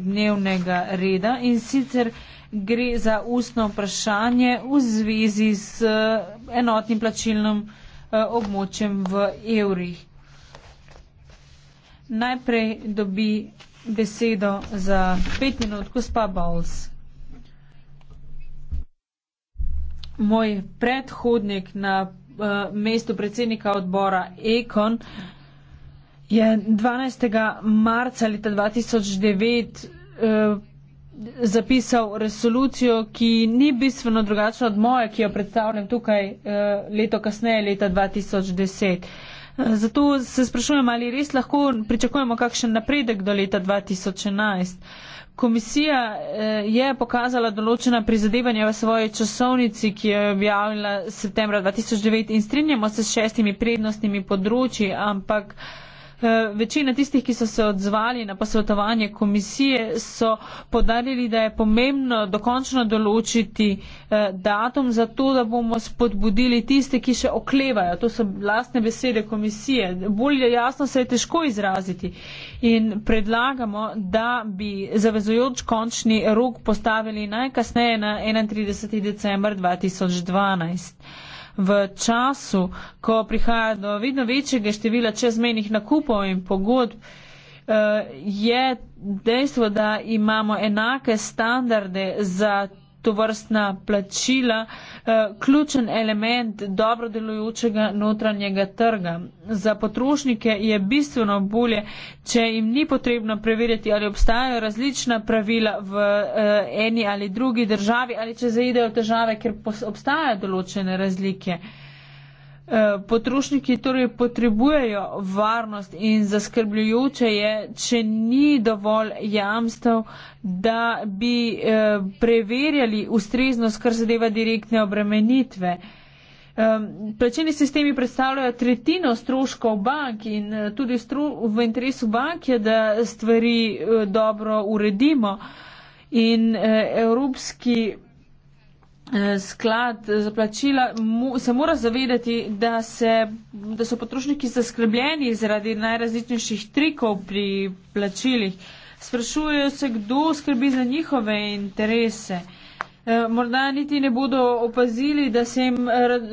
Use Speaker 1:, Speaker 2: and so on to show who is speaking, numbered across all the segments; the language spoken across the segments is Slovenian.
Speaker 1: dnevnega reda in sicer gre za ustno vprašanje v zvezi s eh, enotnim plačilnim eh, območjem v evrih. Najprej dobi besedo za pet minut, gospa Bowles. Moj predhodnik na uh, mestu predsednika odbora Ekon uh, je 12. marca leta 2009 uh, eh, zapisal resolucijo, ki ni bistveno drugačna od moje, ki jo predstavljam tukaj eh, leto kasneje, leta 2010. Eh, zato se sprašujem, ali res lahko pričakujemo kakšen napredek do leta 2011. Komisija je pokazala določena prizadevanja v svoji časovnici, ki je objavila septembra 2009 in strinjamo se s šestimi prednostnimi področji, ampak Eh, večina tistih, ki so se odzvali na posvetovanje komisije, so podarili, da je pomembno dokončno določiti eh, datum za to, da bomo spodbudili tiste, ki še oklevajo. To so lastne besede komisije. Bolj jasno se je težko izraziti. In predlagamo, da bi zavezujoč končni rok postavili najkasneje na 31. decembar 2012 v času, ko prihaja do vedno večjega števila čezmejnih nakupov in pogodb, eh, je dejstvo, da imamo enake standarde za to vrstna plačila eh, ključen element dobro delujočega notranjega trga. Za potrošnike je bistveno bolje, če jim ni potrebno preverjati, ali obstajajo različna pravila v eh, eni ali drugi državi ali če zaidejo v težave, ker obstajajo določene razlike. Eh, potrošniki torej potrebujejo varnost in zaskrbljujoče je, če ni dovolj jamstev, da bi eh, preverjali ustreznost, kar zadeva direktne obremenitve. Plačeni sistemi predstavljajo tretjino stroškov bank in eh, tudi v interesu bank je, da stvari dobro uredimo. In evropski Eh, sklad za plačila mu, se mora zavedati, da, se, da so potrošniki zaskrbljeni zaradi najrazličnejših trikov pri plačilih. Sprašujejo se, kdo skrbi za njihove interese. Eh, morda niti ne bodo opazili, da se jim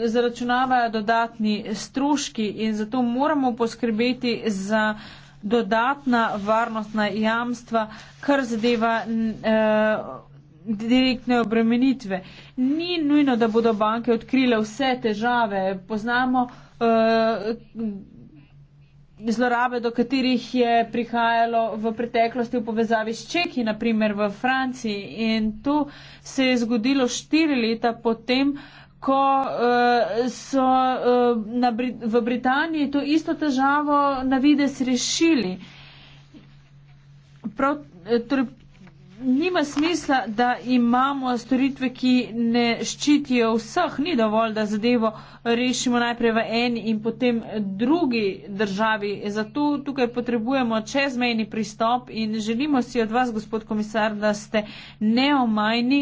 Speaker 1: zaračunavajo dodatni stroški in zato moramo poskrbeti za dodatna varnostna jamstva, kar zadeva eh, direktne obremenitve. Ni nujno, da bodo banke odkrile vse težave. Poznamo uh, zlorabe, do katerih je prihajalo v preteklosti v povezavi s čeki, naprimer v Franciji. In to se je zgodilo štiri leta potem, ko uh, so uh, eh, Br v Britaniji to isto težavo na vides rešili. Prav, torej, Nima smisla, da imamo storitve, ki ne ščitijo vseh. Ni dovolj, da zadevo rešimo najprej v eni in potem drugi državi. Zato tukaj potrebujemo čezmejni pristop in želimo si od vas, gospod komisar, da ste neomajni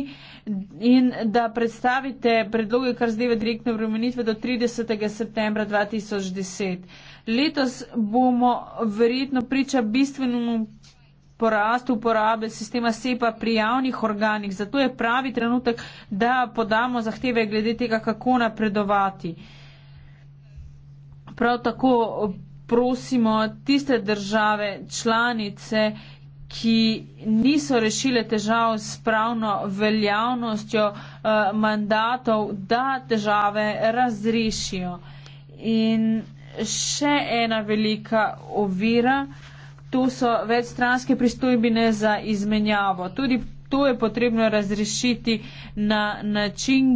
Speaker 1: in da predstavite predloge, kar zadeve direktne vremenitve do 30. septembra 2010. Letos bomo verjetno priča bistvenemu porast uporabe sistema SEPA pri javnih organih. Zato je pravi trenutek, da podamo zahteve glede tega, kako napredovati. Prav tako prosimo tiste države članice, ki niso rešile težav s pravno veljavnostjo eh, mandatov, da težave razrešijo. In še ena velika ovira tu so večstranske pristojbine za izmenjavo. Tudi to je potrebno razrešiti na način,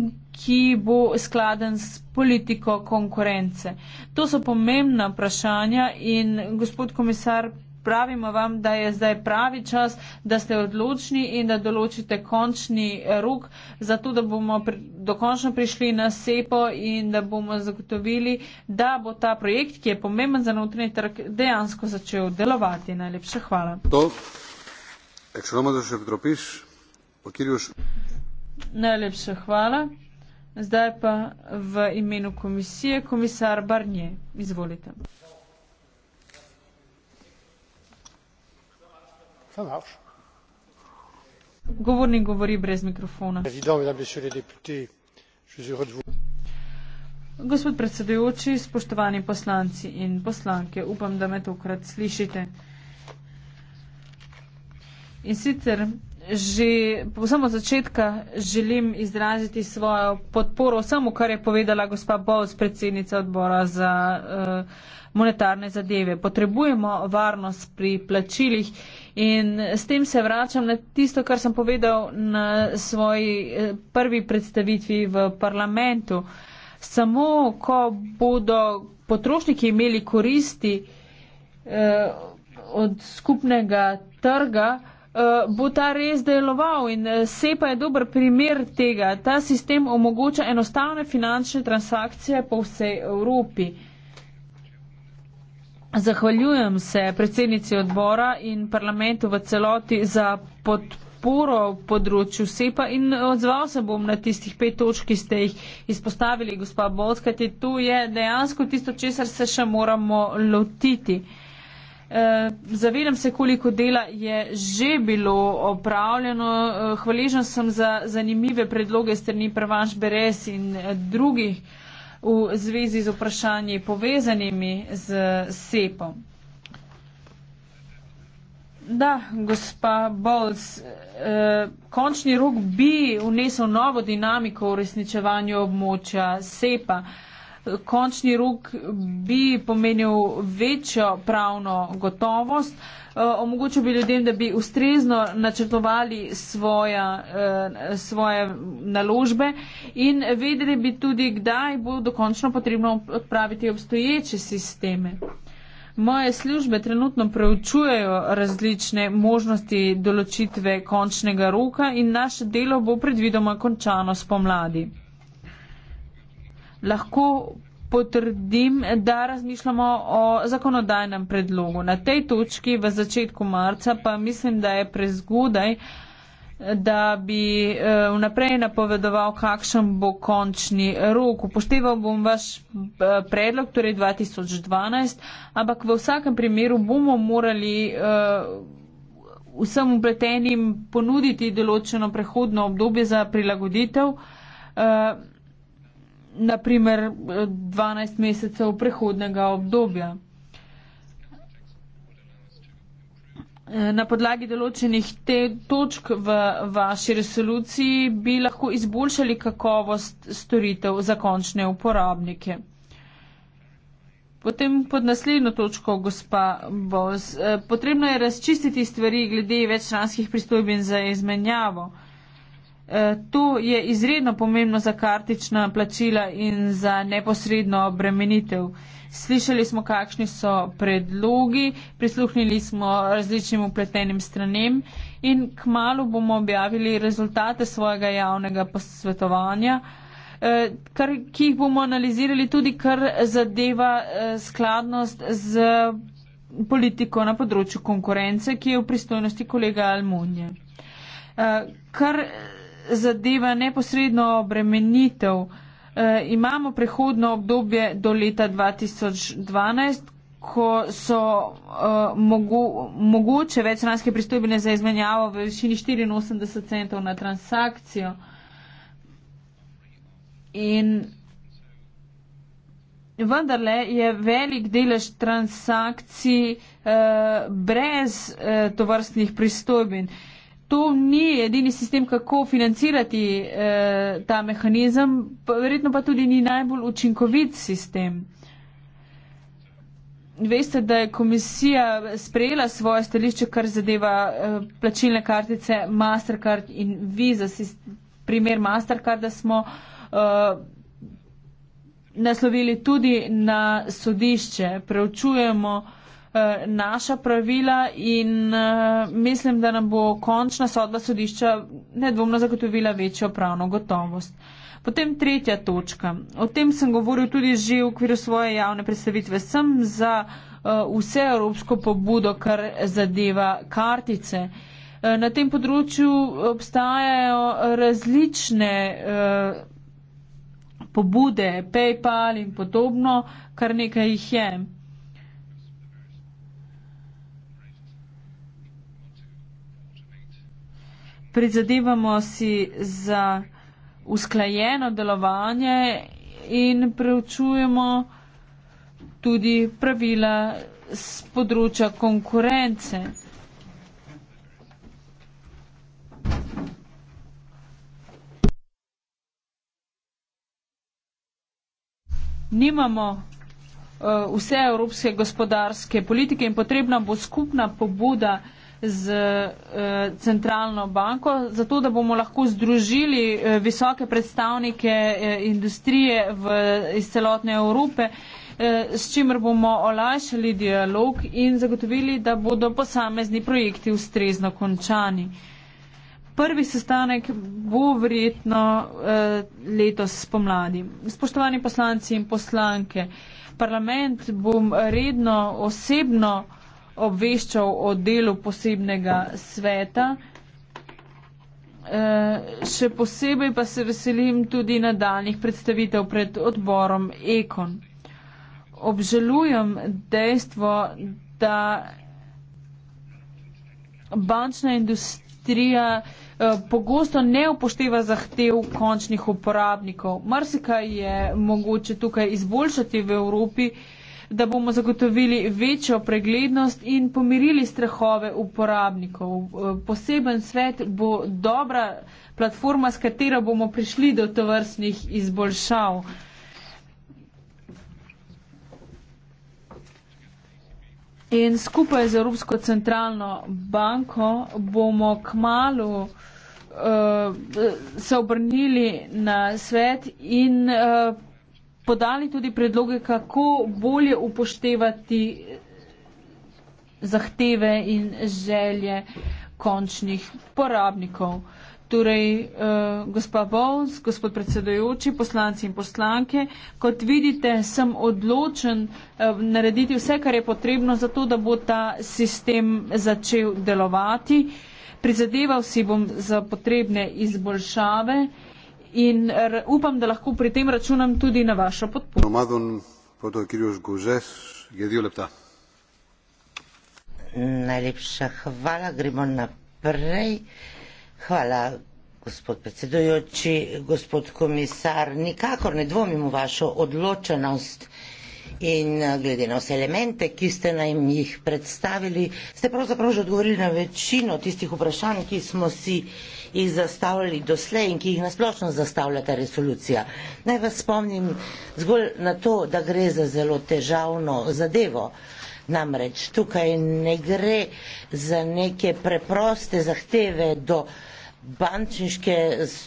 Speaker 1: ki bo skladen s politiko konkurence. To so pomembna vprašanja in gospod komisar pravimo vam, da je zdaj pravi čas, da ste odločni in da določite končni eh, rok, zato da bomo pri, dokončno prišli na sepo in da bomo zagotovili, da bo ta projekt, ki je pomemben za notranji trg, dejansko začel delovati. Najlepša hvala.
Speaker 2: To, dropiš,
Speaker 1: Najlepša hvala. Zdaj pa v imenu komisije komisar Barnje. Izvolite. Uh, Govornik govori brez mikrofona. Gospod predsedujoči, spoštovani poslanci in poslanke, upam, da me tokrat slišite. In sicer že povsem od začetka želim izraziti svojo podporo vsemu, kar je povedala gospa Bovc, predsednica odbora za uh, monetarne zadeve. Potrebujemo varnost pri plačilih in s tem se vračam na tisto, kar sem povedal na svoji eh, prvi predstavitvi v parlamentu. Samo, ko bodo potrošniki imeli koristi uh, od skupnega trga, Eh, bo ta res deloval in eh, SEPA je dober primer tega. Ta sistem omogoča enostavne finančne transakcije po vsej Evropi. Zahvaljujem se predsednici odbora in parlamentu v celoti za podporo področju SEPA in eh, odzval se bom na tistih pet točk, ki ste jih izpostavili, gospa Bolskati. Tu je dejansko tisto, česar se še moramo lotiti. Eh, zavedam se, koliko dela je že bilo opravljeno. Eh, hvaležen sem za zanimive predloge strani Prvanš Beres in eh, drugih v zvezi z vprašanji povezanimi z SEPom. Da, gospa Bolc, eh, končni rok bi vnesel novo dinamiko v resničevanju območja SEPA. Eh, končni rok bi pomenil večjo pravno gotovost, eh, omogočil bi ljudem, da bi ustrezno načrtovali svoja, eh, svoje naložbe in vedeli bi tudi, kdaj bo dokončno potrebno odpraviti obstoječe sisteme. Moje službe trenutno preučujejo različne možnosti določitve končnega roka in naše delo bo predvidoma končano spomladi lahko potrdim, da razmišljamo o zakonodajnem predlogu. Na tej točki v začetku marca pa mislim, da je prezgodaj, da bi eh, vnaprej napovedoval, kakšen bo končni rok. Upošteval bom vaš eh, predlog, torej 2012, ampak v vsakem primeru bomo morali eh, vsem upletenim ponuditi določeno prehodno obdobje za prilagoditev naprimer 12 eh, mesecev prehodnega obdobja. Eh, na podlagi določenih te točk v vaši resoluciji bi lahko izboljšali kakovost storitev za končne uporabnike. Potem pod naslednjo točko, gospa Bos, eh, potrebno je razčistiti stvari glede večranskih pristojbin za izmenjavo. Eh, to je izredno pomembno za kartična plačila in za neposredno obremenitev. Slišali smo, kakšni so predlogi, prisluhnili smo različnim upletenim stranem in k malu bomo objavili rezultate svojega javnega posvetovanja, eh, kar, ki jih bomo analizirali tudi, kar zadeva eh, skladnost z politiko na področju konkurence, ki je v pristojnosti kolega Almunje. Kar zadeva neposredno obremenitev. E, imamo prehodno obdobje do leta 2012, ko so e, mogo, mogoče večranske pristojbine za izmenjavo v višini 84 centov na transakcijo. In vendarle je velik delež transakcij eh, brez eh, tovrstnih pristojbin. Eh, to ni edini sistem, kako financirati eh, ta mehanizem, pa, verjetno pa tudi ni najbolj učinkovit sistem. Veste, da je komisija sprejela svoje stališče, kar zadeva eh, plačilne kartice Mastercard in Visa, primer Mastercard, da smo eh, naslovili tudi na sodišče. Preučujemo eh, Eh, naša pravila in eh, mislim, da nam bo končna sodba sodišča nedvomno zagotovila večjo pravno gotovost. Potem tretja točka. O tem sem govoril tudi že v okviru svoje javne predstavitve. Sem za eh, vse evropsko pobudo, kar zadeva kartice. Na tem področju obstajajo različne pobude, PayPal in podobno, kar nekaj jih je. prizadevamo si za usklajeno delovanje in preučujemo tudi pravila z področja konkurence. Nimamo uh, vse evropske gospodarske politike in potrebna bo skupna pobuda uh, z uh, centralno banko, zato da bomo lahko združili uh, visoke predstavnike uh, industrije v, iz celotne Evrope, uh, s čimer bomo olajšali dialog in zagotovili, da bodo posamezni projekti ustrezno končani. Prvi sestanek bo verjetno eh, letos spomladi. Spoštovani poslanci in poslanke, parlament bom redno osebno eh, obveščal o delu posebnega sveta. E, še posebej pa se veselim tudi nadaljnih predstavitev pred odborom Ekon. Obžalujem dejstvo, da bančna industrija e, pogosto ne upošteva zahtev končnih uporabnikov. Marsika je mogoče tukaj izboljšati v Evropi. E, da bomo zagotovili večjo preglednost in pomirili strahove uporabnikov. Poseben svet bo dobra platforma, s katero bomo prišli do tovrstnih izboljšav. In skupaj z Evropsko centralno banko bomo k malu uh, eh, se obrnili na svet in uh, podali tudi predloge, kako bolje upoštevati zahteve in želje končnih porabnikov. Torej, eh, gospa Bovs, gospod predsedojoči, poslanci in poslanke, kot vidite, sem odločen eh, narediti vse, kar je potrebno za to, da bo ta sistem začel delovati. Prizadeval si bom za potrebne izboljšave in upam, da lahko pri
Speaker 2: tem računam tudi na vašo podporo. Madon, Gozes, Najlepša hvala, gremo naprej. Hvala, gospod predsedujoči, gospod komisar. Nikakor ne dvomim v vašo odločenost. In eh, glede na vse elemente, ki ste nam jih predstavili, ste pravzaprav že odgovorili na večino tistih vprašanj, ki smo si jih zastavljali doslej in ki jih nasplošno zastavlja ta resolucija. Naj vas spomnim zgolj na to, da gre za zelo težavno zadevo. Namreč tukaj ne gre za neke preproste zahteve do bančniške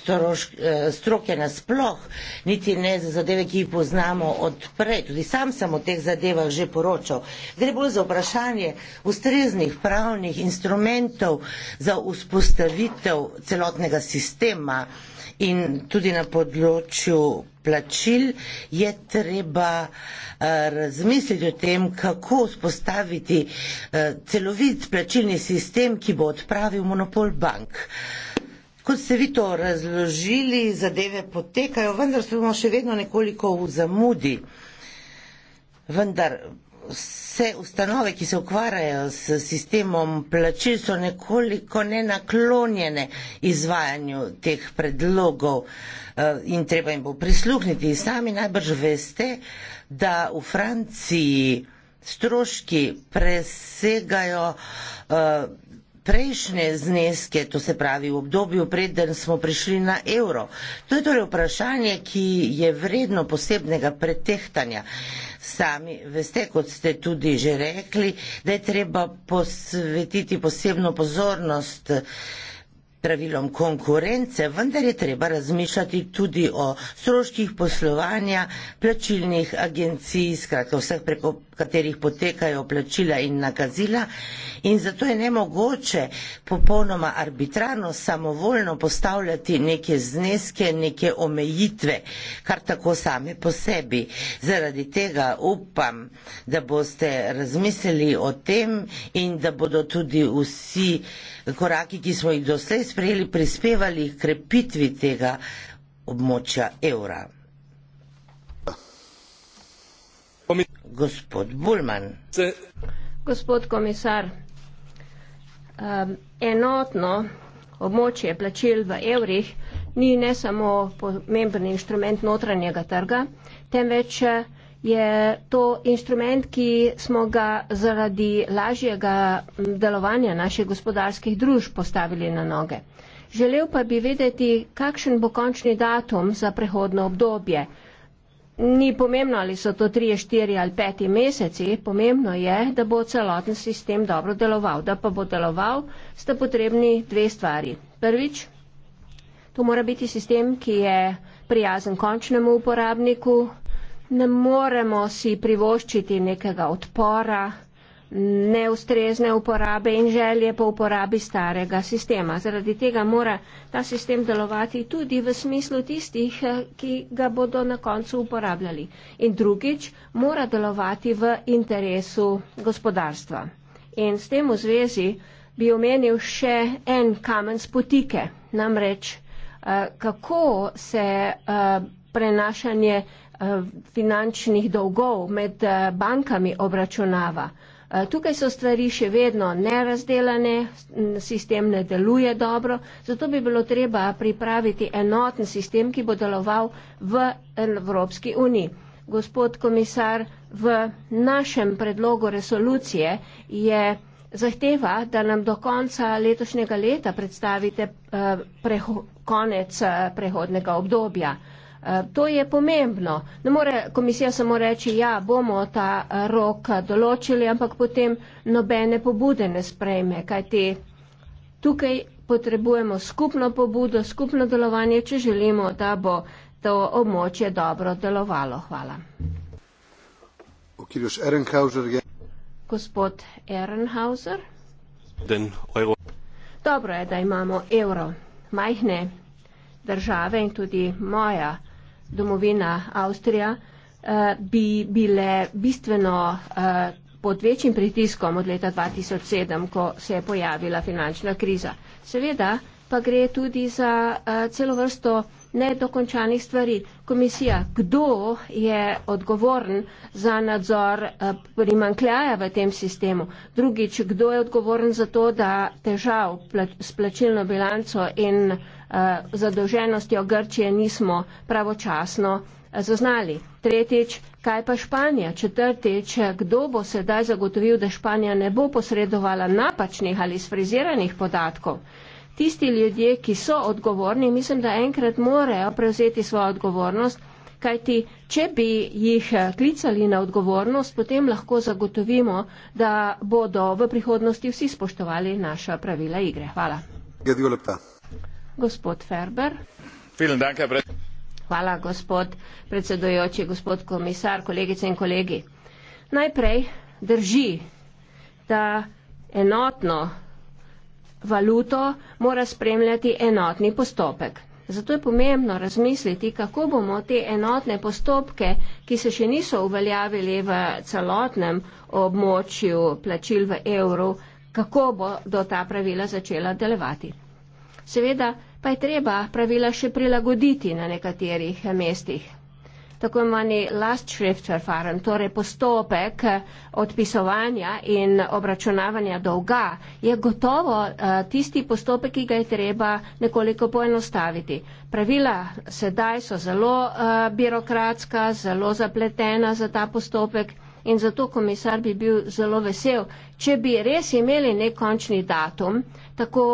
Speaker 2: eh, stroke nasploh, niti ne za zadeve, ki jih poznamo odprej. Tudi sam sem o teh zadevah že poročal. Gre bolj za vprašanje ustreznih pravnih instrumentov za vzpostavitev celotnega sistema in tudi na področju plačil je treba eh, razmisliti o tem, kako spostaviti eh, celovit plačilni sistem, ki bo odpravil monopol bank. Kot ste vi to razložili, zadeve potekajo, vendar smo še vedno nekoliko v zamudi. Vendar vse ustanove, ki se ukvarjajo s sistemom plačil, so nekoliko nenaklonjene izvajanju teh predlogov eh, in treba jim bo prisluhniti. Sami najbrž veste, da v Franciji stroški presegajo eh, prejšnje zneske, to se pravi v obdobju preden smo prišli na evro. To je torej vprašanje, ki je vredno posebnega pretehtanja. Sami veste, kot ste tudi že rekli, da je treba posvetiti posebno pozornost pravilom konkurence, vendar je treba razmišljati tudi o stroških poslovanja, plačilnih agencij, skratka vseh preko katerih potekajo plačila in nakazila in zato je nemogoče popolnoma arbitrarno, samovoljno postavljati neke zneske, neke omejitve, kar tako same po sebi. Zaradi tega upam, da boste razmislili o tem in da bodo tudi vsi koraki, ki smo jih doslej sprejeli, prispevali k krepitvi tega območja evra. Gospod Bulman.
Speaker 3: Gospod komisar, um, enotno območje plačil v evrih ni ne samo pomemben inštrument notranjega trga, temveč je to instrument, ki smo ga zaradi lažjega delovanja naših gospodarskih družb postavili na noge. Želel pa bi vedeti, kakšen bo končni datum za prehodno obdobje. Ni pomembno, ali so to 3, 4 ali 5 meseci, pomembno je, da bo celoten sistem dobro deloval. Da pa bo deloval, sta potrebni dve stvari. Prvič, to mora biti sistem, ki je prijazen končnemu uporabniku ne moremo si privoščiti nekega odpora, neustrezne uporabe in želje po uporabi starega sistema. Zaradi tega mora ta sistem delovati tudi v smislu tistih, eh, ki ga bodo na koncu uporabljali. In drugič, mora delovati v interesu gospodarstva. In s tem v zvezi bi omenil še en kamen spotike, namreč eh, kako se eh, prenašanje Eh, finančnih dolgov med eh, bankami obračunava. Eh, tukaj so stvari še vedno nerazdelane, sistem ne deluje dobro, zato bi bilo treba pripraviti enoten sistem, ki bo deloval v Evropski uniji. Gospod komisar, v našem predlogu resolucije je zahteva, da nam do konca letošnjega leta predstavite preho konec prehodnega obdobja. Eh, to je pomembno. Ne more komisija samo reči, ja, bomo ta rok določili, ampak potem nobene pobude ne sprejme, kajti tukaj potrebujemo skupno pobudo, skupno delovanje, če želimo, da bo to območje dobro delovalo. Hvala. Gospod Ehrenhauser. Dobro je, da imamo evro. Majhne države in tudi moja domovina Avstrija, eh, bi bile bistveno eh, pod večjim pritiskom od leta 2007, ko se je pojavila finančna kriza. Seveda pa gre tudi za eh, celo vrsto nedokončanih stvari. Komisija, kdo je odgovoren za nadzor eh, primankljaja v tem sistemu? Drugič, kdo je odgovoren za to, da težav s plačilno bilanco in eh, zadolženostjo Grčije nismo pravočasno eh, zaznali? Tretjič, kaj pa Španija? Četrtič, kdo bo sedaj zagotovil, da Španija ne bo posredovala napačnih ali sfriziranih podatkov? tisti ljudje, ki so odgovorni, mislim, da enkrat morajo prevzeti svojo odgovornost, kajti če bi jih eh, klicali na odgovornost, potem lahko zagotovimo, da bodo v prihodnosti vsi spoštovali naša pravila igre. Hvala. Gospod Ferber. Hvala, gospod predsedojoči, gospod komisar, kolegice in kolegi. Najprej drži, da enotno valuto, mora spremljati enotni postopek. Zato je pomembno razmisliti, kako bomo te enotne postopke, ki se še niso uveljavili v celotnem območju plačil v evru, kako bo do ta pravila začela delovati. Seveda pa je treba pravila še prilagoditi na nekaterih mestih tako imenovani last shift verfaren, torej postopek eh, odpisovanja in obračunavanja dolga, je gotovo eh, tisti postopek, ki ga je treba nekoliko poenostaviti. Pravila sedaj so zelo eh, birokratska, zelo zapletena za ta postopek. In zato komisar bi bil zelo vesel, če bi res imeli nek končni datum, tako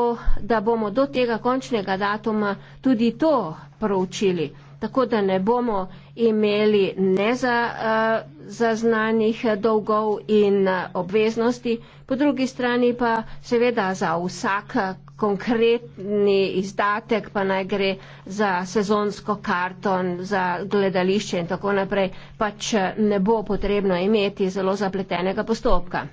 Speaker 3: da bomo do tega končnega datuma tudi to proučili, tako da ne bomo imeli ne za zaznanih dolgov in obveznosti, po drugi strani pa seveda za vsak konkretni izdatek, pa naj gre za sezonsko karto, za gledališče in tako naprej, pač ne bo potrebno imeti zelo zapletenega postopka.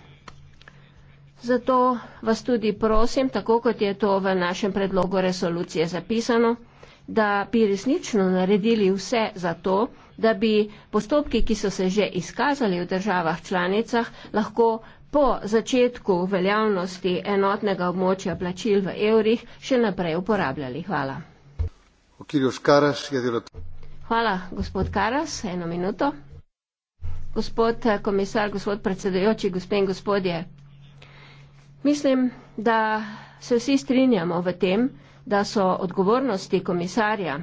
Speaker 3: Zato vas tudi prosim, tako kot je to v našem predlogu resolucije zapisano, da bi resnično naredili vse za to, da bi postopki, ki so se že izkazali v državah članicah, lahko po začetku veljavnosti enotnega območja plačil v evrih še naprej uporabljali. Hvala. Hvala, gospod Karas. Eno minuto. Gospod eh, komisar, gospod predsedujoči, gospe in gospodje. Mislim, da se vsi strinjamo v tem, da so odgovornosti komisarja,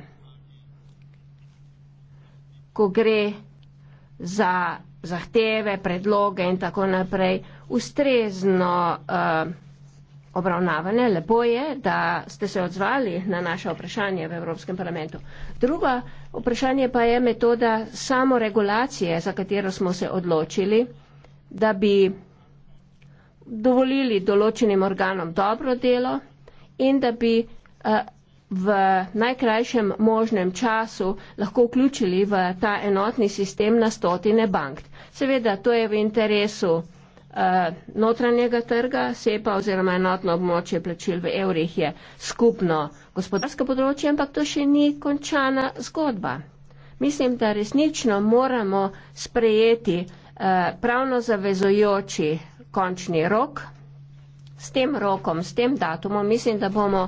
Speaker 3: ko gre za zahteve, predloge in tako naprej, ustrezno uh, obravnavane. Lepo je, da ste se odzvali na naše vprašanje v Evropskem parlamentu. Drugo vprašanje pa je metoda samoregulacije, za katero smo se odločili, da bi dovolili določenim organom dobro delo in da bi Eh, v najkrajšem možnem času lahko vključili v ta enotni sistem na stotine bank. Seveda, to je v interesu eh, notranjega trga, SEPA oziroma enotno območje plačil v evrih je skupno gospodarsko področje, ampak to še ni končana zgodba. Mislim, da resnično moramo sprejeti eh, pravno zavezojoči končni rok. S tem rokom, s tem datumom mislim, da bomo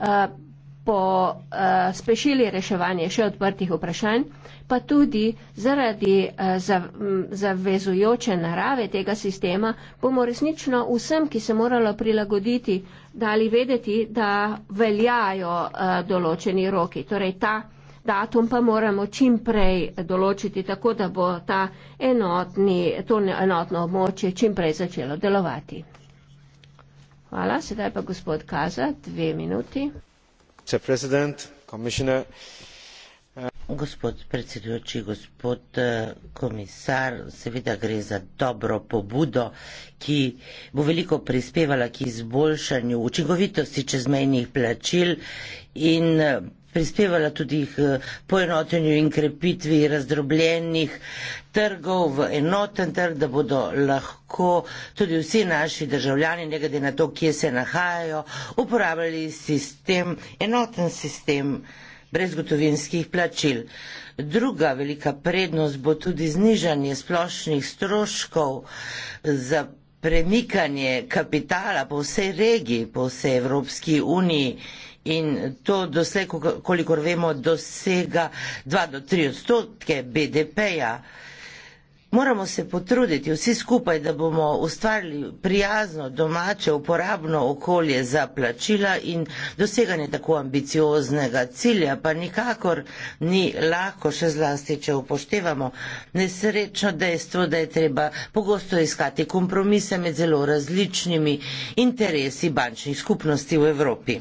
Speaker 3: Eh, po uh, spešili reševanje še odprtih vprašanj, pa tudi zaradi uh, eh, zav, m, zavezujoče narave tega sistema, bomo resnično vsem, ki se moralo prilagoditi, dali vedeti, da veljajo uh, določeni roki. Torej, ta datum pa moramo čim prej določiti, tako da bo ta enotni, to enotno območje čim prej začelo delovati. Hvala. Sedaj pa gospod Kaza, dve minuti.
Speaker 2: Gospod predsedujoči, gospod eh, komisar, seveda gre za dobro pobudo, ki bo veliko prispevala k izboljšanju učinkovitosti čezmejnih plačil in eh, prispevala tudi k eh, poenotenju in krepitvi razdrobljenih trgov v enoten trg, da bodo lahko tudi vsi naši državljani, ne glede na to, kje se nahajajo, uporabljali sistem, enoten sistem brezgotovinskih plačil. Druga velika prednost bo tudi znižanje splošnih stroškov za premikanje kapitala po vsej regiji, po vsej Evropski uniji in to doslej, kolikor vemo, dosega 2 do 3 odstotke BDP-ja. Moramo se potruditi vsi skupaj, da bomo ustvarili prijazno, domače, uporabno okolje za plačila in doseganje tako ambicioznega cilja pa nikakor ni lahko, še zlasti, če upoštevamo nesrečno dejstvo, da je treba pogosto iskati kompromise med zelo različnimi interesi bančnih skupnosti v Evropi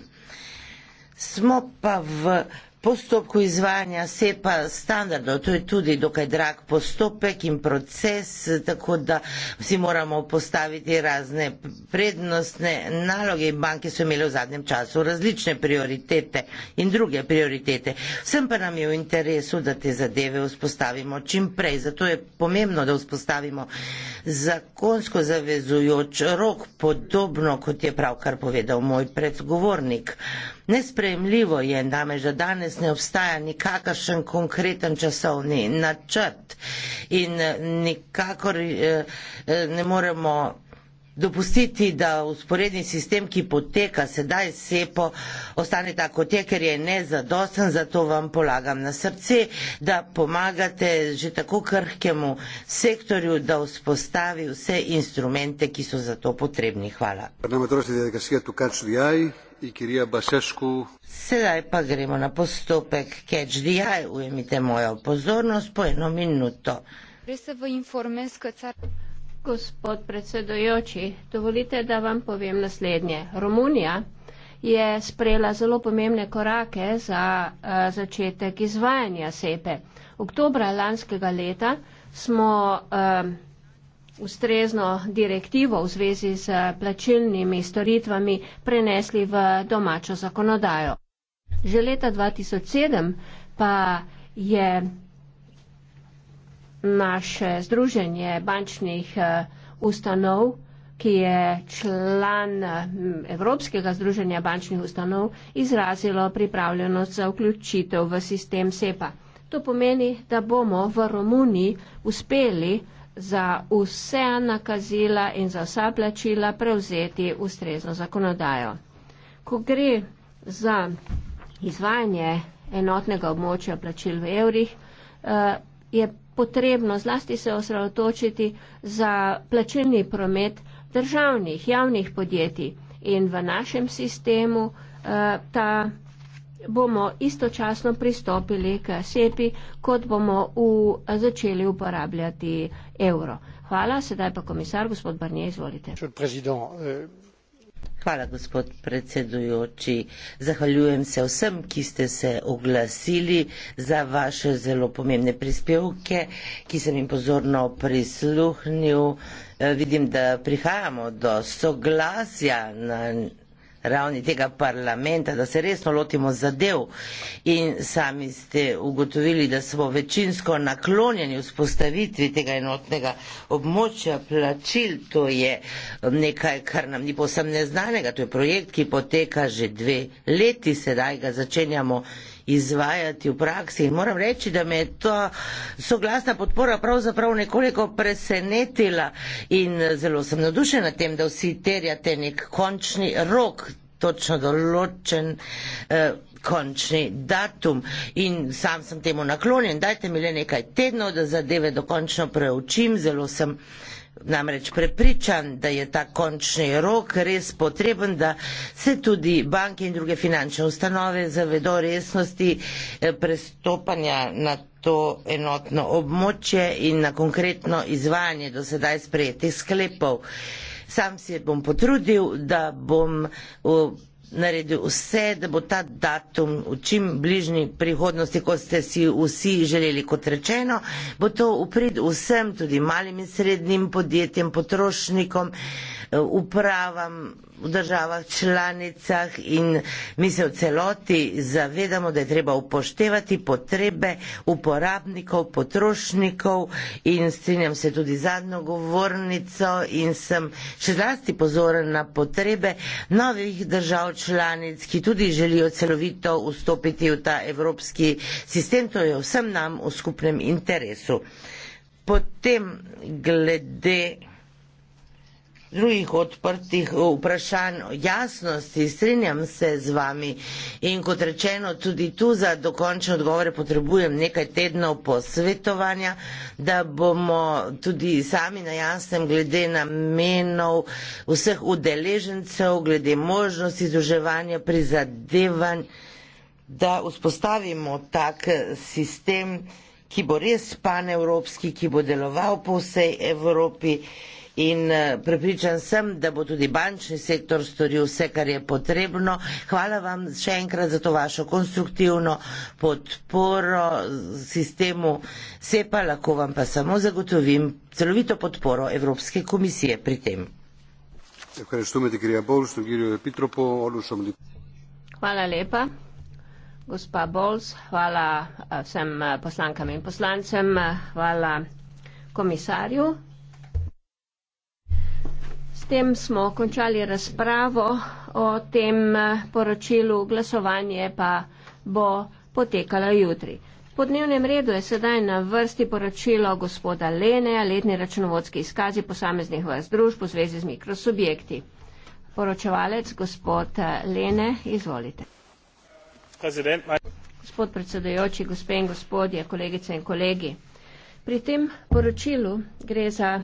Speaker 2: smo pa v postopku izvajanja SEPA standardov, to je tudi dokaj drag postopek in proces, tako da vsi moramo postaviti razne prednostne naloge in banke so imele v zadnjem času različne prioritete in druge prioritete. Vsem pa nam je v interesu, da te zadeve vzpostavimo čim prej, zato je pomembno, da vzpostavimo zakonsko zavezujoč rok, podobno kot je pravkar povedal moj predgovornik. Nesprejemljivo je namreč, da danes ne obstaja nikakršen konkreten časovni načrt in nikakor eh, eh, ne moremo dopustiti, da usporedni sistem, ki poteka sedaj sepo, ostane tako, kot je, ker je nezadosten, zato vam polagam na srce, da pomagate že tako krhkemu sektorju, da vzpostavi vse instrumente, ki so za to potrebni. Hvala. Sedaj pa gremo na postopek Catch the Eye. Ujemite mojo pozornost po eno minuto.
Speaker 3: Gospod predsedojoči, dovolite, da vam povem naslednje. Romunija je sprejela zelo pomembne korake za a, eh, začetek izvajanja sepe. Oktobra lanskega leta smo a, eh, ustrezno direktivo v zvezi z plačilnimi storitvami prenesli v domačo zakonodajo. Že leta 2007 pa je naše združenje bančnih eh, ustanov, ki je član hm, Evropskega združenja bančnih ustanov, izrazilo pripravljenost za vključitev v sistem SEPA. To pomeni, da bomo v Romuniji uspeli za vse nakazila in za vsa plačila prevzeti ustrezno zakonodajo. Ko gre za izvajanje enotnega območja plačil v evrih, eh, je potrebno zlasti se osredotočiti za plačilni promet državnih, javnih podjetij in v našem sistemu eh, ta bomo istočasno pristopili k sepi, kot bomo v, začeli uporabljati evro. Hvala, sedaj pa komisar, gospod Barnje, izvolite.
Speaker 2: Gospod predsednik, Hvala, gospod predsedujoči. Zahvaljujem se vsem, ki ste se oglasili za vaše zelo pomembne prispevke, ki sem jim pozorno prisluhnil. Eh, vidim, da prihajamo do soglasja na ravni tega parlamenta, da se resno lotimo zadev in sami ste ugotovili, da smo večinsko naklonjeni vzpostavitvi tega enotnega območja plačil. To je nekaj, kar nam ni posebno neznanega. To je projekt, ki poteka že dve leti, sedaj ga začenjamo izvajati v praksi. In moram reči, da me je ta soglasna podpora pravzaprav nekoliko presenetila in zelo sem nadušena tem, da vsi terjate nek končni rok, točno določen. Eh, končni datum in sam sem temu naklonjen. Dajte mi le nekaj tednov, da zadeve dokončno preučim. Zelo sem namreč prepričan, da je ta končni rok res potreben, da se tudi banke in druge finančne ustanove zavedo resnosti eh, prestopanja na to enotno območje in na konkretno izvajanje do sedaj sprejetih sklepov. Sam se bom potrudil, da bom eh, naredil vse, da bo ta datum v čim bližnji prihodnosti, kot ste si vsi želeli, kot rečeno, bo to upred vsem, tudi malim in srednjim podjetjem, potrošnikom, upravam v državah članicah in mi se v celoti zavedamo, da je treba upoštevati potrebe uporabnikov, potrošnikov in strinjam se tudi zadnjo govornico in sem še zlasti pozoren na potrebe novih držav članic, ki tudi želijo celovito vstopiti v ta evropski sistem, to je vsem nam v skupnem interesu. Potem glede drugih odprtih vprašanj jasnosti, strinjam se z vami in kot rečeno, tudi tu za dokončne odgovore potrebujem nekaj tednov posvetovanja, da bomo tudi sami na jasnem glede namenov vseh udeležencev, glede možnosti združevanja prizadevanj, da vzpostavimo tak sistem, ki bo res paneuropski, ki bo deloval po vsej Evropi in eh, prepričan sem, da bo tudi bančni sektor storil vse, kar je potrebno. Hvala vam še enkrat za to vašo konstruktivno podporo sistemu SEPA, lahko vam pa samo zagotovim celovito podporo Evropske komisije pri tem.
Speaker 3: Hvala lepa. Gospa Bols, hvala eh, vsem eh, poslankam in poslancem, hvala komisarju tem smo končali razpravo o tem eh, poročilu, glasovanje pa bo potekalo jutri. Po dnevnem redu je sedaj na vrsti poročilo gospoda Lene, letni računovodski izkazi posameznih vas družb v zvezi z mikrosubjekti. Poročevalec, gospod eh, Lene, izvolite. Gospod predsedujoči, gospe in gospodje, kolegice in kolegi. Pri tem poročilu gre za